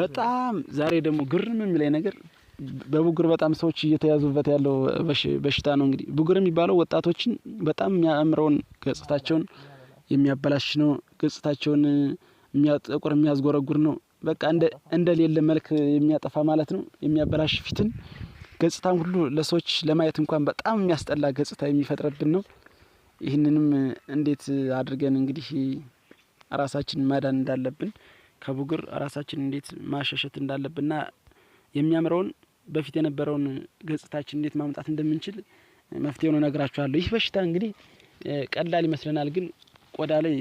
በጣም ዛሬ ደግሞ ግርም የሚለኝ ነገር በብጉር በጣም ሰዎች እየተያዙበት ያለው በሽታ ነው። እንግዲህ ብጉር የሚባለው ወጣቶችን በጣም የሚያምረውን ገጽታቸውን የሚያበላሽ ነው። ገጽታቸውን የሚያጠቁር የሚያዝጎረጉር ነው። በቃ እንደሌለ መልክ የሚያጠፋ ማለት ነው። የሚያበላሽ ፊትን ገጽታን ሁሉ ለሰዎች ለማየት እንኳን በጣም የሚያስጠላ ገጽታ የሚፈጥረብን ነው። ይህንንም እንዴት አድርገን እንግዲህ ራሳችን ማዳን እንዳለብን ከቡግር ራሳችን እንዴት ማሸሸት እንዳለብንና የሚያምረውን በፊት የነበረውን ገጽታችን እንዴት ማምጣት እንደምንችል መፍትሄ ሆኖ ነግራችኋለሁ። ይህ በሽታ እንግዲህ ቀላል ይመስለናል፣ ግን ቆዳ ላይ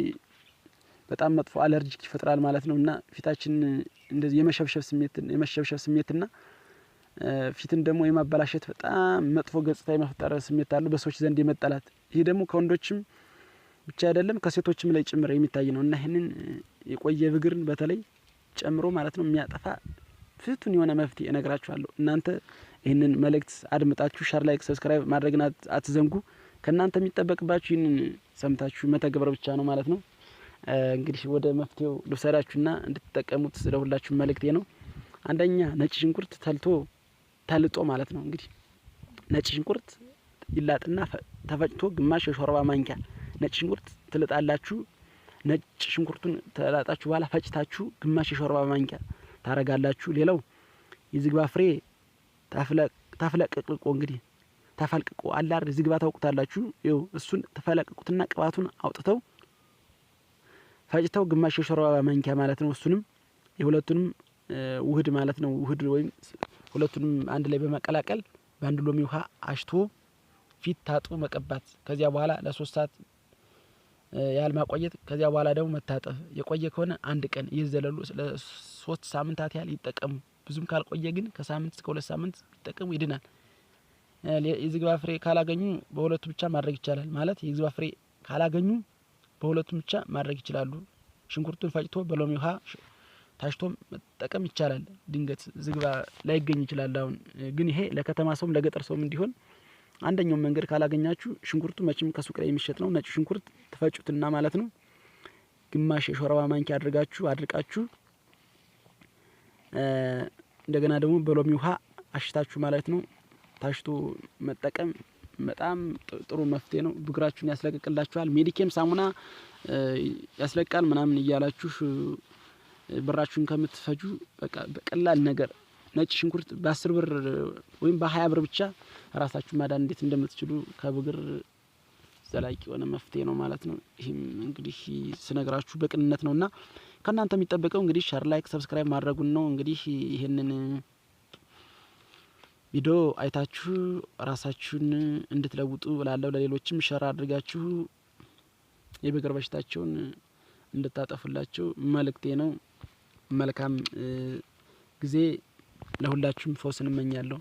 በጣም መጥፎ አለርጂክ ይፈጥራል ማለት ነው እና ፊታችን እንደዚህ የመሸብሸብ ስሜት የመሸብሸብ ስሜትና ፊትን ደግሞ የማበላሸት በጣም መጥፎ ገጽታ የመፍጠር ስሜት አለው፣ በሰዎች ዘንድ የመጠላት ይህ ደግሞ ከወንዶችም ብቻ አይደለም ከሴቶችም ላይ ጭምር የሚታይ ነው እና ይህንን የቆየ ብግርን በተለይ ጨምሮ ማለት ነው የሚያጠፋ ፍቱን የሆነ መፍትሄ እነግራችኋለሁ። እናንተ ይህንን መልእክት አድምጣችሁ ሻር፣ ላይክ፣ ሰብስክራይብ ማድረግን አትዘንጉ። ከእናንተ የሚጠበቅባችሁ ይህንን ሰምታችሁ መተግበር ብቻ ነው ማለት ነው። እንግዲህ ወደ መፍትሄው ልውሰዳችሁና እንድትጠቀሙት ሁላችሁ መልእክቴ ነው። አንደኛ ነጭ ሽንኩርት ተልቶ ተልጦ ማለት ነው እንግዲህ ነጭ ሽንኩርት ይላጥና ተፈጭቶ ግማሽ የሾርባ ማንኪያ ነጭ ሽንኩርት ትልጣላችሁ። ነጭ ሽንኩርቱን ተላጣችሁ በኋላ ፈጭታችሁ ግማሽ የሾርባ ማንኪያ ታረጋላችሁ። ሌላው የዝግባ ፍሬ ታፍለቅቅቆ እንግዲህ ተፈልቅቆ አላር ዝግባ ታውቁታላችሁ። ይኸው እሱን ተፈለቅቁትና ቅባቱን አውጥተው ፈጭተው ግማሽ የሾርባ ማንኪያ ማለት ነው። እሱንም የሁለቱንም ውህድ ማለት ነው። ውህድ ወይም ሁለቱንም አንድ ላይ በመቀላቀል በአንድ ሎሚ ውሃ አሽቶ ፊት ታጥቦ መቀባት። ከዚያ በኋላ ለሶስት ሰዓት ያህል ማቆየት ከዚያ በኋላ ደግሞ መታጠብ የቆየ ከሆነ አንድ ቀን እየዘለሉ ለሶስት ሳምንታት ያህል ይጠቀሙ። ብዙም ካልቆየ ግን ከሳምንት እስከ ሁለት ሳምንት ይጠቀሙ ይድናል። የዝግባ ፍሬ ካላገኙ በሁለቱ ብቻ ማድረግ ይቻላል። ማለት የዝግባ ፍሬ ካላገኙ በሁለቱም ብቻ ማድረግ ይችላሉ። ሽንኩርቱን ፈጭቶ በሎሚ ውሃ ታሽቶ መጠቀም ይቻላል። ድንገት ዝግባ ላይገኝ ይችላል። አሁን ግን ይሄ ለከተማ ሰውም ለገጠር ሰውም እንዲሆን አንደኛው መንገድ ካላገኛችሁ ሽንኩርቱ መቼም ከሱቅ ላይ የሚሸጥ ነው። ነጭ ሽንኩርት ትፈጩትና ማለት ነው ግማሽ የሾርባ ማንኪያ አድርጋችሁ አድርቃችሁ እንደገና ደግሞ በሎሚ ውሃ አሽታችሁ ማለት ነው ታሽቶ መጠቀም በጣም ጥሩ መፍትሄ ነው። ብግራችሁን ያስለቅቅላችኋል። ሜዲኬም ሳሙና ያስለቃል ምናምን እያላችሁ ብራችሁን ከምትፈጁ በቃ በቀላል ነገር ነጭ ሽንኩርት በአስር ብር ወይም በሀያ ብር ብቻ ራሳችሁ ማዳን እንዴት እንደምትችሉ ከብግር ዘላቂ የሆነ መፍትሄ ነው ማለት ነው። ይህም እንግዲህ ስነግራችሁ በቅንነት ነው እና ከእናንተ የሚጠበቀው እንግዲህ ሸር፣ ላይክ፣ ሰብስክራይብ ማድረጉን ነው። እንግዲህ ይህንን ቪዲዮ አይታችሁ ራሳችሁን እንድትለውጡ ላለው ለሌሎችም ሸር አድርጋችሁ የብግር በሽታቸውን እንድታጠፉላቸው መልእክቴ ነው። መልካም ጊዜ ለሁላችሁም ፈውስን እመኛለሁ።